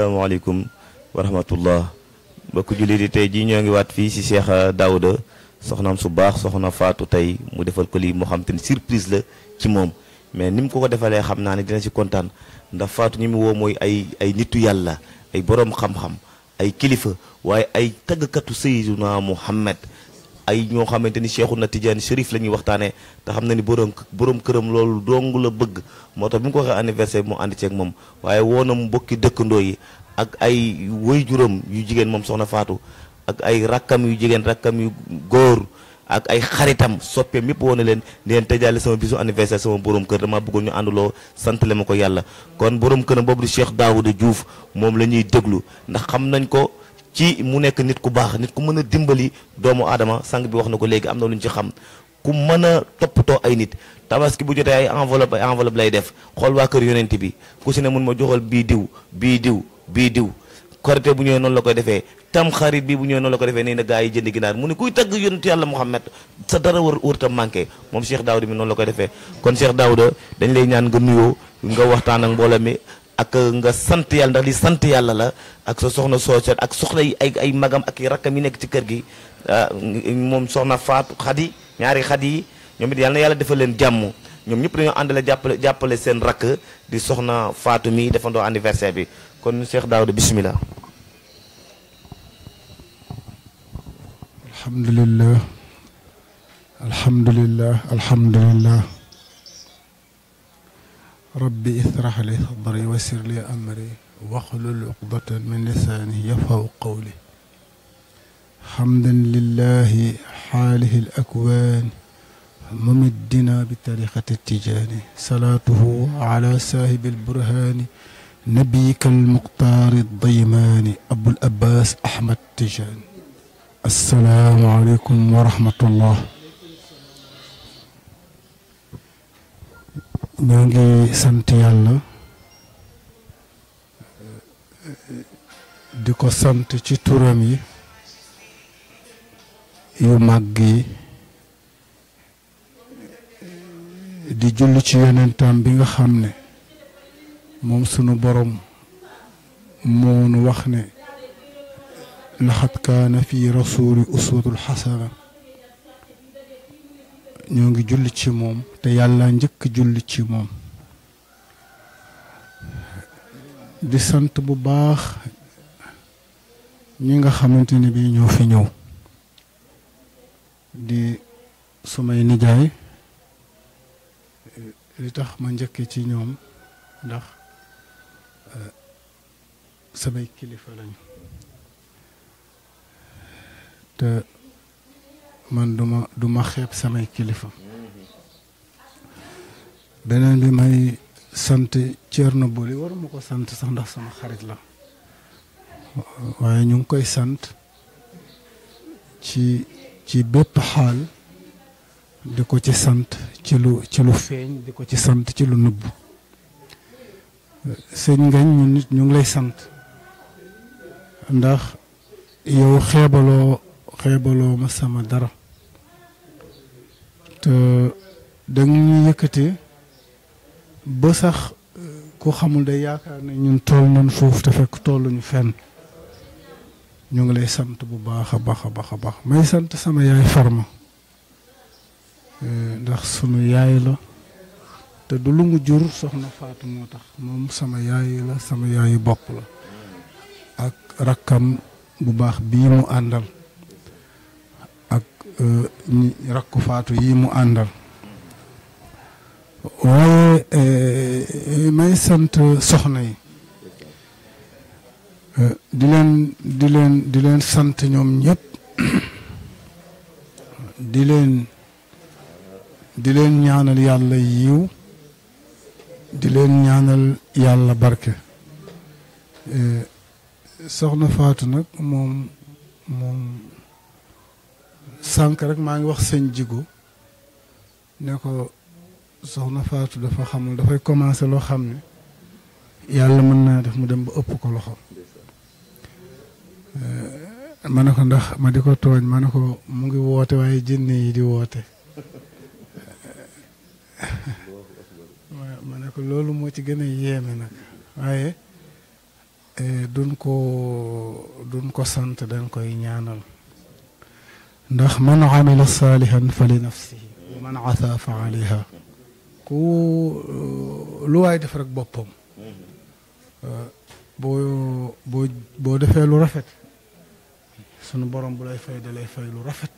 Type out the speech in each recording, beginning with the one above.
asalaamaaleykum wa rahmatullah mbokku jullit di tey jii ñoo ngi waat fii si Cheikh euh, Daouda soxnaam su baax soxna Faatu tey mu defal ko lii moo xam te ni surprise la ci moom mais ni mu ko ko defalee xam naa ne dina si kontaan ndax Faatu ñi mu woo mooy ay ay nitu yàlla ay boroom xam-xam ay kilifa waaye ay taggkatu sayyiduna Muhammad ay ñoo xamante ni Cheikhouna Tidiane Chérif la ñuy waxtaanee te xam na ni borom borom këram loolu dong la bëgg moo tax bi mu ko waxee anniversaire bi mu ànd ceeg moom waaye woo na mbokki dëkkandoo yi ak ay waajuram yu jigéen moom soxna Faatu ak ay rakkam yu jigéen rakkam yu góor ak ay xaritam soppeem yëpp woon na leen di leen tëjaale sama bisu anniversaire sama borom kër dama bëggoon ñu ànduloo santale ma ko yàlla kon borom këram boobu di Cheikh Daouda juuf moom la ñuy déglu ndax xam nañ ko. ci mu nekk nit ku baax nit ku mën a dimbali doomu aadama sang bi wax na ko léegi am na lu ñu ci xam ku mën a too ay nit tabaski bu jotee ay enveloppe ay lay def xool waa kër yonent bi ku si ne mun ma joxal bii diw bii diw bii diw korité bu ñëwee noonu la koy defee tam xarit bi bu ñëwee noonu la koy defee nee ne gaa yi jënd ginaar mu ne kuy tagg yonent yàlla Muhammad sa dara war wër tam manqué moom Cheikh Daouda mi noonu la koy defee kon Cheikh Daouda dañ lay ñaan nga nuyoo nga waxtaan ak mbooloo mi ak nga sant yàlla ndax li sant yàlla la ak sa soxna sooset ak soxna yi ay ay magam ak i rakkam yi nekk ci kër gi ah, moom soxna Faatu Xadi ñaari Xadi yi ñoom it yàlla yàlla defal leen jàmm ñoom ñëpp dañoo àndale jàppale jàppale seen rakk di soxna Faatu mi defandoo anniversaire bi kon Cheikh Daouda bismillah rabbi israh li sadri wasir li amri waxlul uqdatan min lisaani yafaw qawli xamdan lillahi xaalihi lakwaani mumiddina bi tariqati tijaani salaatuhu ala saahibi alburhaani nabiyika almuxtaari daymaani abul abbas ahmad tijaani assalaamu aleykum wa rahmatullah ñoo ngi sant yàlla di ko sant ci turam yi yu màgg yi di julli ci yonentam bi nga xam ne moom sunu boroom moonu wax ne laxat kaana fi rasuuli uswatul xasana ñoo ngi julli ci moom te yàlla njëkk julli ci moom di sant bu baax ñi nga xamante ni bi ñoo fi ñëw di sumay nijaay li tax ma njëkke ci ñoom ndax eh, samay kilifa lañu te man duma duma xeeb samay kilifa beneen bi may sant Thierno Boli waruma ko sant sax ndax sama xarit la waaye ñu ngi koy sant ci ci bépp xaal di ko ci sant ci lu ci lu feeñ di ko ci sant ci lu nëbb sëñ ngañ ñu nit ñu ngi lay sant ndax yow xeebaloo xeebaloo ma sama dara te dañuy yëkkati ba sax ku xamul day yaakaar ne ñun tool nañ foofu te fekk ñu fenn ñu ngi lay sant bu baax a baax a may sant sama yaay farma eh, ndax sunu yaay la te du lu mu jur soxna Faatu moo tax moom sama yaay la sama yaayu bopp la ak rakkam bu baax bii mu àndal Euh, rakku faatu yi mu àndal waaye euh, may sant soxna yi euh, di leen di leen sant ñoom ñépp di leen di leen ñaanal yàlla yiw di leen ñaanal yàlla barke soxna faatu nag moom moom sànq rek maa ngi wax sëñ Jigo ne ko soxna Faatu dafa xamul dafay commencé loo xam ne yàlla mën naa def mu dem ba ëpp ko loxo eh, ma ne ko ndax ma di ko tooñ ma ne ko mu ngi woote waaye jinne yi di woote ma ne ko loolu moo ci gën a yéeme nag waaye eh, dun ko duñ ko sant dañ koy ñaanal ndax man amila saalihan fa li nafsihi man asa fa alayha ku uh, lu waay def rek boppam uh, boo boo boo defee lu rafet sunu borom bu lay fay da lay lu rafet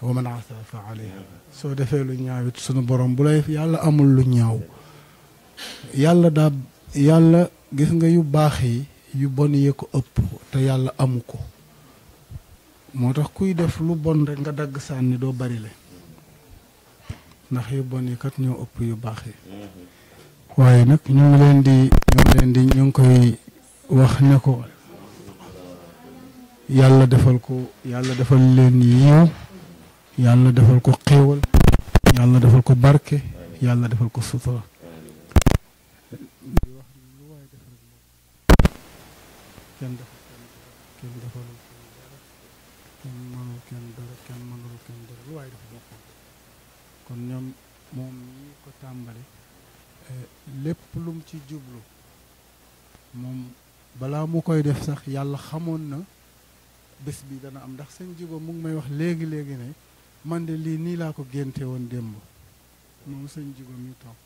wa man soo defee lu ñaaw sunu borom bu lay yàlla amul lu ñaaw yàlla daa yàlla gis nga yu baax yi yu bon yee ko ëpp te yàlla amu ko moo tax kuy def lu bon rek nga dagg sànni doo bari le ndax yu bon yi kat ñoo ëpp yu baax yi waaye nag ñu ngi leen di ñu ngi leen di ñu ngi koy wax ne ko yàlla defal ko yàlla defal leen yiw yàlla defal ko xéewal yàlla defal ko barke yàlla defal ko sutura kenn mënul kenn dara kenn mënul kenn dara lu waaye dafa bokkoon kon ñoom moom ñi ko tàmbali eh, lépp lum ci jublu moom balaa mu koy def sax yàlla xamoon na bés bi dana am ndax sëñ Jibo mu ngi may wax léegi léegi ne man de lii nii laa ko génte woon démb moom sëñ Jibo mi toog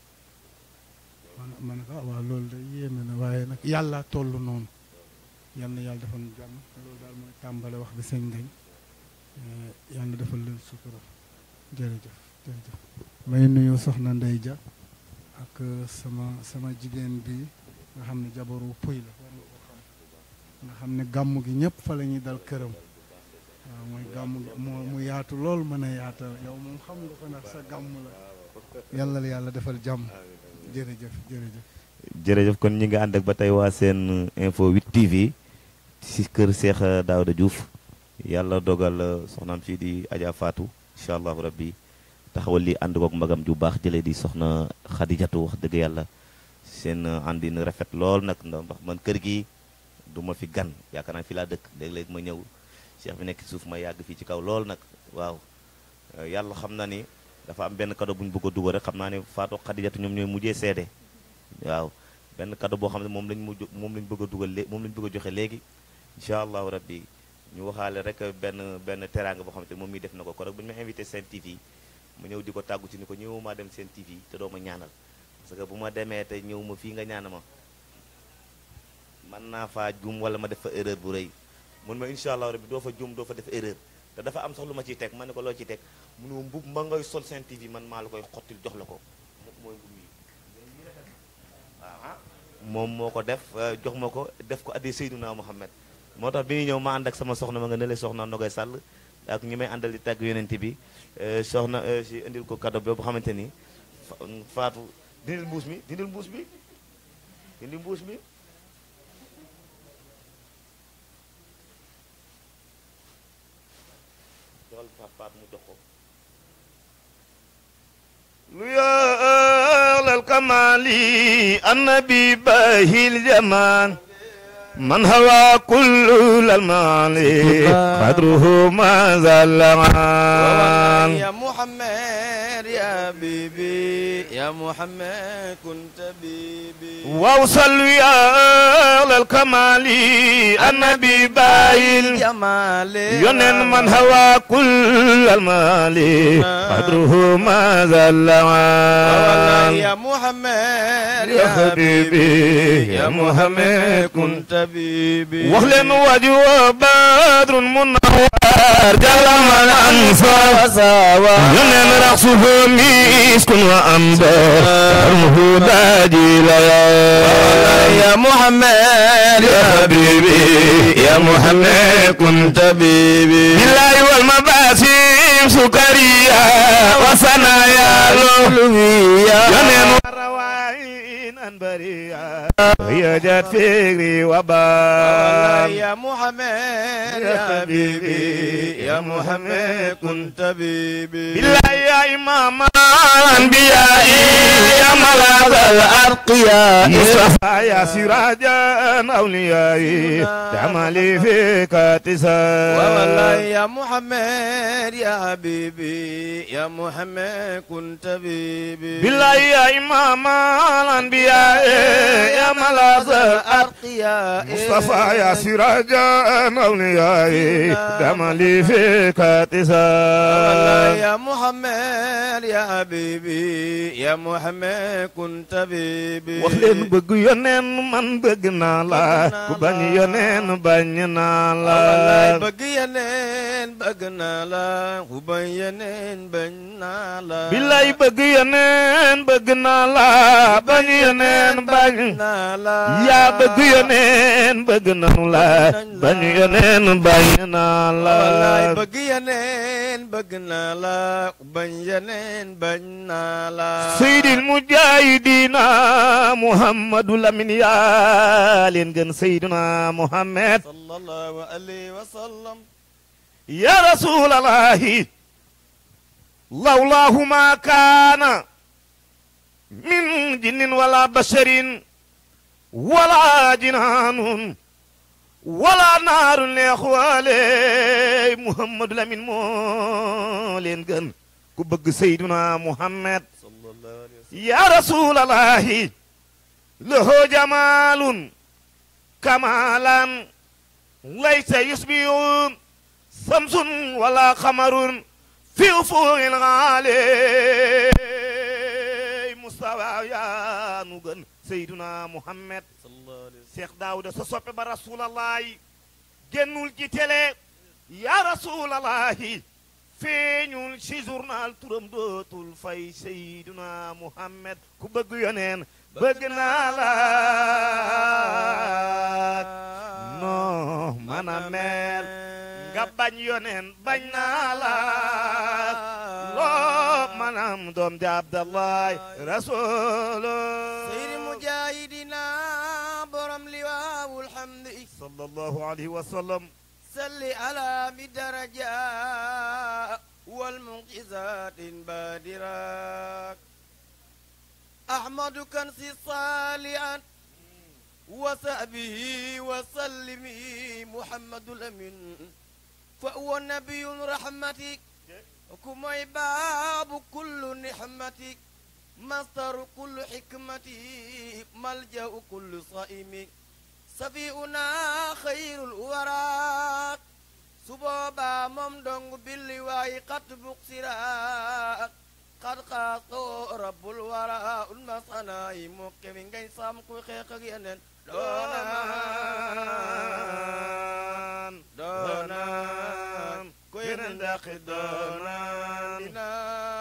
man ma ne ko ah, loolu de yéeme na waaye nag yàlla toll noonu yal yàlla defal ñu jàmm loolu daal mooy tàmbale wax di sëñ Ngagne Eh, yàlla defal leen sutura jërëjëf jërëjëf may nuyu soxna Ndey Ja ak eh, sama sama jigéen bi nga xam ne jabaru puy la nga xam ne gàmm gi ñëpp fa la ñuy dal këram waaw yaatu lool mën a yaatal yow moom yàlla defal jàmm jërëjëf jërëjëf jërëjëf kon ñi nga ànd ak ba tey waa seen info 8 TV ci kër Cheikh Daouda juuf yàlla dogal euh, soxnaam si di Adja faatu incha allahu rabbi taxawal li ànd koog mbagam ju baax jëlee di soxna xadijatu wax dëgg yàlla seen euh, àndin rafet lool nag ndax man kër gi duma fi gan yaakaar naa fi laa dëkk léeg ma ñëw cheikh bi nekk suuf ma yàgg fii ci kaw lool nag waaw euh, yàlla xam na ni dafa am benn kado bu ñu bëgg dugal rek xam naa ne Fatou xadijatu ñoom ñooy mujjee seede waaw benn kado boo xam ne moom lañ mujj moom lañ bëgg a dugal moom lañ bëgg a léegi incha allahu rabbi ñu waxaale rek benn benn teraanga boo xamante ne moom mii def na ko kon bu ñu ma invité seen TV mu ñëw di ko tàggu ci ni ko ñëwuma dem seen TV te doo ma ñaanal parce que bu ma demee te ñëw ma fii nga ñaana ma mën naa faa juum wala ma def fa erreur bu rëy mun ma incha allah rabbi doo fa juum doo fa def erreur dafa am sax lu ma ciy teg man ne ko loo ciy teg munu mbub ma ngay sol seen TV maa la koy xottil jox la ko mooy mbub yi moom moo ko def jox ma ko def ko addi Seydina Muhammad moo tax bi ñuy ñëw ma ànd ak sama soxna ma nga nële soxna Ndogoy Sall ak ñi may àndal di tàgg yonent bi euh, soxna euh, si indil ko cadeau boobu xamante ni faatu dindil mbuus mi dindil mbuus mi dindil mbuus mi dool fa faat mu jox ko lu من هوى كل المال قدره ما زال يا محمد حبيبي يا محمد كنت بيبي وصلي على الكمال النبي باي الجمال ينن من هوى كل المال قدره ما زل يا محمد يا حبيبي يا محمد كنت بيبي وخلن وجه بدر من jalla man anfasa yonen raqsuhu miskun wa amba armuhu dajila ya muhammad ya habibi ya muhammad kun tabibi billahi wal mabasim sukariya wa sanaya lumiya yonen هي جات فكري وبال يا محمد يا حبيبي يا محمد كنت بيبي بالله يا إمام الأنبياء يا ملاذ الأرقياء مصطفى يا سراج أولياء جمالي فيك تسال والله يا محمد يا حبيبي يا محمد كنت بيبي بالله يا إمام الأنبياء يا يا ملاذ أرقياء مصطفى يا سراج أوليائي دم لي فيك تسال يا محمد يا حبيبي يا محمد كنت بيبي وخلين بغ يونين من بغنا لا كبن يونين بغنا لا بغ يونين بغنا لا كبن يونين بغنا لا بالله بغ يونين بغنا لا بغ يونين بغنا yaa bëgg yoneen bëgg nanu la bañ yoneen bañ naa la bëgg yoneen bëgg naa la bañ yoneen bañ naa la muhammad ya rasulallahi lawlaahu ma kaana min jinnin wala basharin wala jinaanun wala naaru neex waale Muhammadu Lamin moo leen gën ku bëgg Seyduna Muhammad ya rasulallahi lahu jamaalun kamaalan laysa yusbihun samsun wala xamarun fi ufuqil aali mustawa yaanu gën seyduna muhammad cheikh daawuda sa soppe ba rasulallaahi génnul ci télé ya rasulallaahi feeñul ci journal turam dootul fay seyduna muhammad ku bëgg yoneen bëgg naa la noo mën a mel bañ yoneen bañ naa la loo mën am di abdallahi rasul صلى الله عليه وسلم سل على بدرجاء والمنقذات بادراك أحمد كنسي صالحا وسأبه وسلم محمد الأمين فهو نبي رحمتك كما باب كل نحمتك مصدر كل حكمتك ملجأ كل صائمك safiuna xayrul waraat su boobaa moom dong billi waayi xat buk siraat xat xaasoo rabbul wara un masana yi mukke mi ngay ku xeex ak yeneen doonaan doonaan وين داخدونا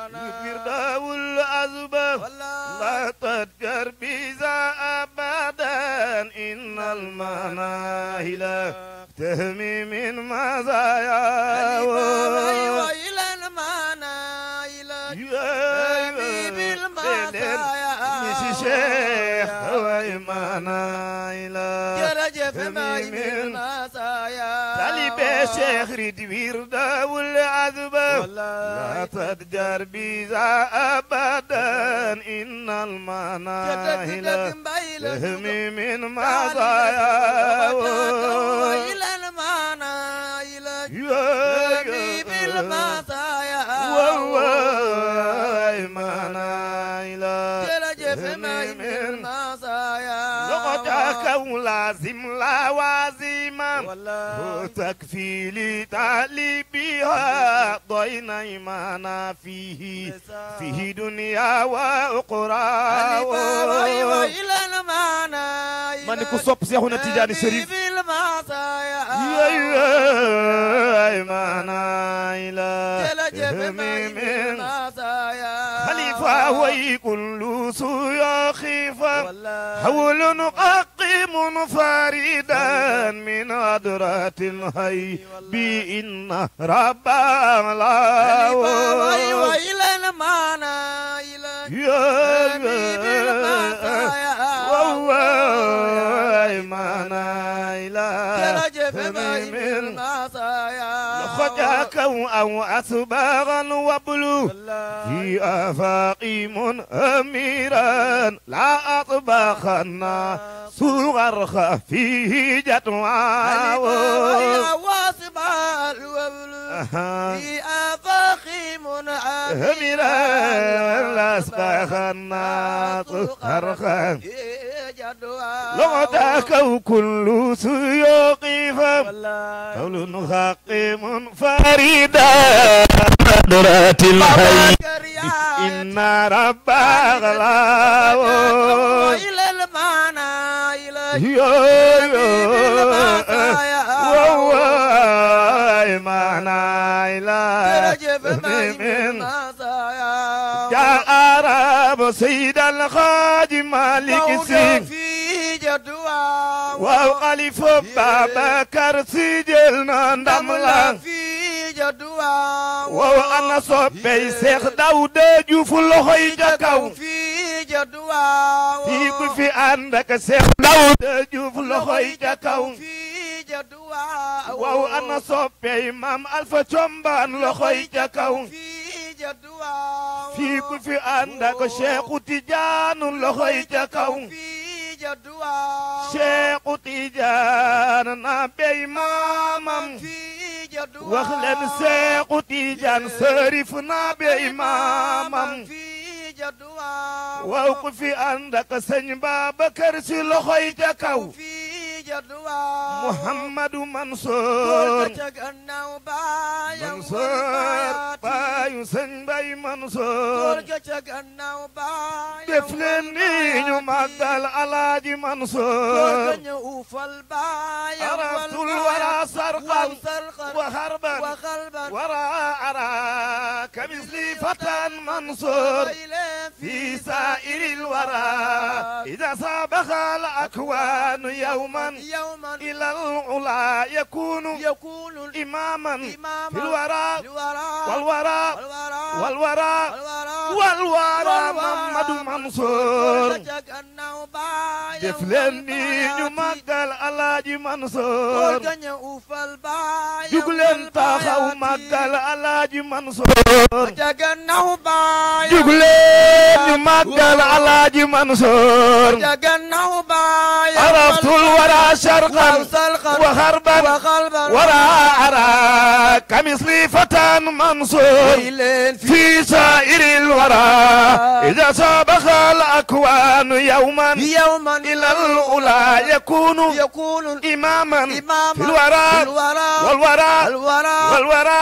يكبر داو العزبة لا تذكر بيزا أبدا إن المناهل تهمي من مزايا وإلى المناهل تهمي بالمزايا مش شيخ وإمانا إلى تهمي من مزايا يا شيخ ريد ويردا والعذبة لا تتجر بيزا أبدا إن المناهل تهمي من مزايا إلى المناهل يهمي بالمزايا والله مناهل تهمي من مزايا فتاكم لازم لوازما وتكفيل تعليبها ضين ايمانا فيه فيه دنيا واخرى والى المعنى من كسب سيخنا تجاني شريف يا يا ايمانا الى من وكل سياخ حول أقيم فريدا من أدرات هي بإن رب لا وإلى المعنى إلى وهو المعنى إلى من المعصية وجاكوا أو أسباغا وبلو في آفاقي منأميرا لا أطبخنا صغر خفيه جدوى واسبع الوبل في آفاقي منأميرا لا أطبخنا صغر خفيه لغداك كل سيوقي قول حقيم فريدا قدرات الحي إن ربا غلاو إلى المعنى إلى وهو معنى إلى من جاء رب سيد الخادم مالك سيد waaw xalifa Babacar Si jël na ndam la waaw ana soppey Seex Daawda Juuf loxoy ca kaw fii ku fi ànd ak Seex Daawda Juuf loxoy ca kaw waaw ana soppey maam Alfa Combaan loxoy ca kaw kaw jadwa Seexu Tijaan na bey maamam wax leen sërif na bey maamam waaw ku fi ànd ak sëñ Babacar si loxoy Muhammadu Mansour Mansour baayu sëñ Bay Mansour def leen ni ñu màggal Alaaji Mansour araftul wara sarqal wa harban wara ara kamisli fatan Mansour fi saa'iril wara idaa sabaxal akwaanu yawman يوما إلى العلا يكون يكون إماما للوراء والوراء والوراء والوراء محمد منصور دفلني màggal alaaji Mansoor jugleen taxaw màggal alaaji Mansoor jugleen ñu màggal alaaji Mansoor araftul wara sharqan wa xarban wara ara kamisli fatan Mansoor fi saa'iril wara ida sabaxal akwaanu yawman ilal ula yaku يكون يكون إماما في الورى والورى والورى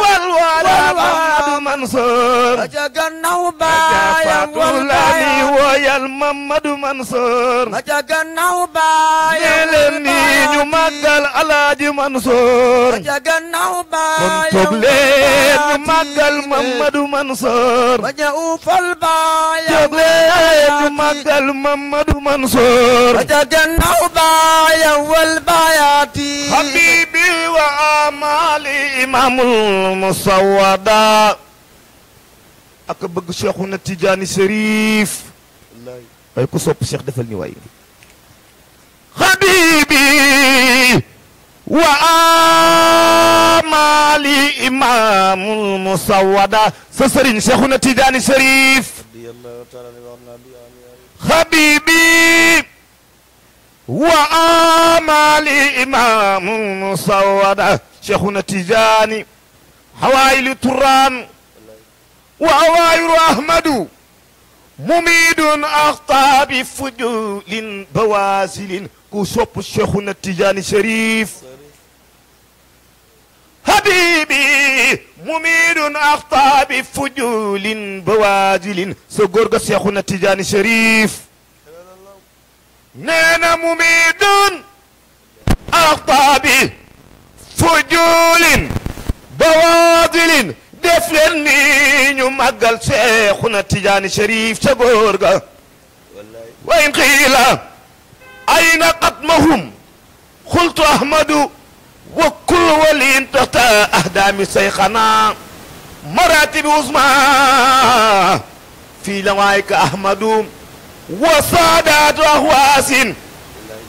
والورى محمد منصور جاكنا بايا والله ويا محمد منصور جاكنا بايا لمي نمقل على دي منصور جاكنا بايا كنتم لين نمقل محمد منصور وجاوف البايا جاكنا بايا نمقل محمد منصور جاكنا بايا والباياتي حبيبي وامالي امام المصودا ak bëgg Cheikhuna Tidiane Chérif ay ku sopp Cheikh defal ni waay حبيبي وامالي امام المصودا سسرين Cheikhuna Tidiane Chérif حبيبي وآمالي إمام مصودة شيخنا تجاني هوايل تران وأوائر أحمد مميد أخطى بفجول بوازل كوشوب شيخنا تجاني شريف حبيبي مميد أخطى بفجول بوازل سجورغ شيخنا تجاني شريف neena mumiidun aqtaabi fujuulin bawaadilin def leen ni ñu màggal Seexuna Tijaani Sharif ca góor ga wa in qiila ayna qatmahum xultu ahmadu wa kullu waliin tahta ahdaami sayxana maratibi usma fii lawaayka wasaadaat wax waasin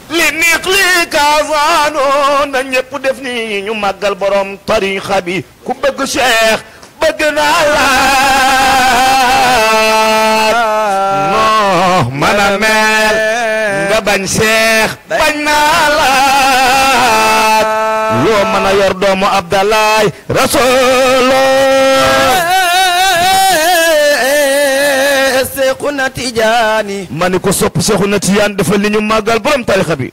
li niq li kasaano na ñépp def ni ñu màggal borom tarixa bi ku bëgg cheikh bëgg naa laat noo mën a mel nga bañ cheikh bañ naa laat loo mën a yor doomu abdalaay rasoolo na tijaani ma ni ko sopp Seexuna Tijaan dafa li ñu màggal borom tarixa bi